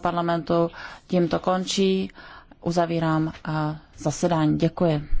parlamentu tímto končí. Uzavírám eh, zasedání. Děkuji.